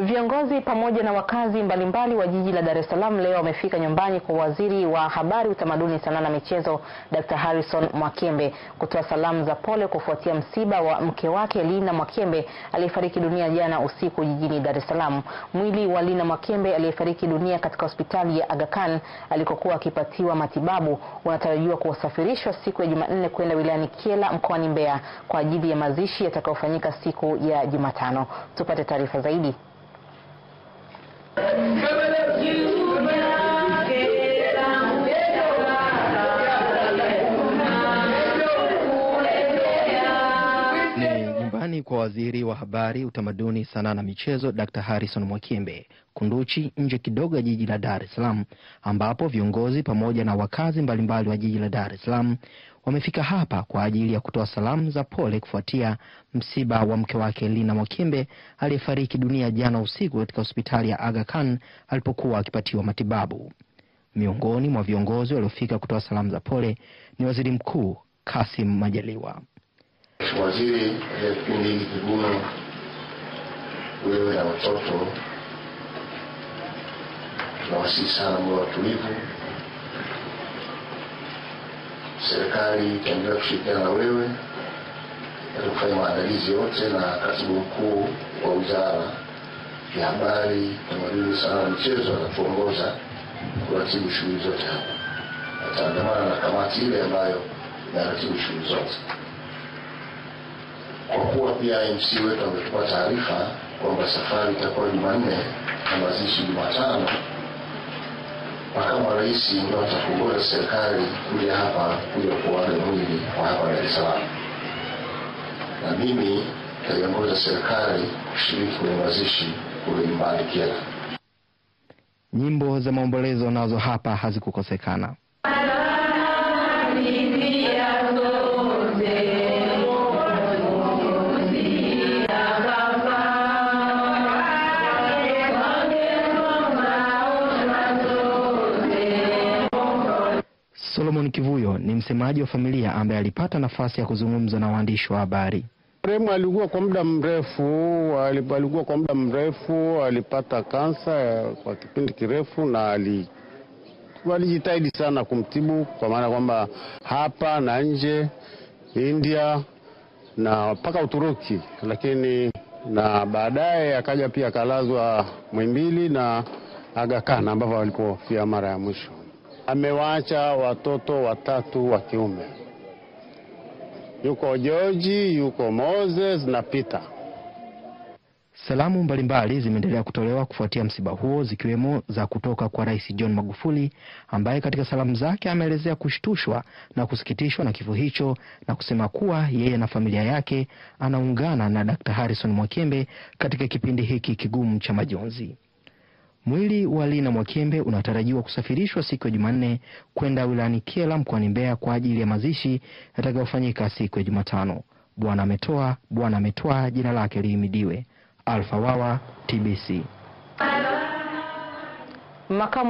Viongozi pamoja na wakazi mbalimbali wa jiji la Dar es Salaam leo wamefika nyumbani kwa Waziri wa Habari, Utamaduni, Sanaa na Michezo, Dr. Harrison mwakembe kutoa salamu za pole kufuatia msiba wa mke wake Lina mwakembe aliyefariki dunia jana usiku jijini Dar es Salaam. Mwili wa Lina mwakembe aliyefariki dunia katika hospitali ya Aga Khan alikokuwa akipatiwa matibabu unatarajiwa kuwasafirishwa siku ya Jumanne kwenda wilayani Kyela mkoani Mbeya kwa ajili ya mazishi yatakayofanyika siku ya Jumatano. Tupate taarifa zaidi kwa waziri wa habari, utamaduni, sanaa na michezo Dr. Harrison Mwakembe Kunduchi, nje kidogo ya jiji la Dar es Salaam, ambapo viongozi pamoja na wakazi mbalimbali wa jiji la Dar es Salaam wamefika hapa kwa ajili ya kutoa salamu za pole kufuatia msiba wa mke wake Lina Mwakembe aliyefariki dunia jana usiku katika hospitali ya Aga Khan alipokuwa akipatiwa matibabu. Miongoni mwa viongozi waliofika kutoa salamu za pole ni Waziri Mkuu Kassim Majaliwa. Waziri katika kipindi hiki kigumu, wewe na watoto, tunawasihi sana muwe watulivu. Serikali itaendelea kushirikiana na wewe katika kufanya maandalizi yote na katibu mkuu wa wizara ya habari, tamaduni, sanaa na michezo atatuongoza kuratibu shughuli zote hapa. Ataandamana na kamati ile ambayo inaratibu shughuli zote kwa kuwa pia MC wetu ametupa taarifa kwamba safari itakuwa Jumanne na mazishi Jumatano. Makamu wa Rais ndio atakuongoza serikali kuja hapa kuja kuaga mwili wa hapa Dar es Salaam, na mimi taiongoza serikali kushiriki kwenye mazishi kule nyumbani Kyela. Nyimbo za maombolezo nazo hapa hazikukosekana. Solomon Kivuyo ni msemaji wa familia ambaye alipata nafasi ya kuzungumza na waandishi wa habari. Marehemu alikuwa kwa muda mrefu, alikuwa kwa muda mrefu, alipata kansa kwa kipindi kirefu na walijitahidi sana kumtibu kwa maana kwamba hapa na nje India na mpaka Uturuki, lakini na baadaye akaja pia akalazwa Mwimbili na Aga Khan ambapo mara ya mwisho amewaacha watoto watatu wa kiume, yuko George, yuko Moses na Peter. Salamu mbalimbali zimeendelea kutolewa kufuatia msiba huo zikiwemo za kutoka kwa Rais John Magufuli ambaye katika salamu zake ameelezea kushtushwa na kusikitishwa na kifo hicho na kusema kuwa yeye na familia yake anaungana na Dr. Harrison Mwakembe katika kipindi hiki kigumu cha majonzi. Mwili wa Lina Mwakembe unatarajiwa kusafirishwa siku ya Jumanne kwenda wilayani Kyela mkoani Mbeya kwa ajili ya mazishi yatakayofanyika siku ya Jumatano. Bwana ametoa, Bwana ametoa jina lake lihimidiwe. Alfa Wawa, TBC. Makamu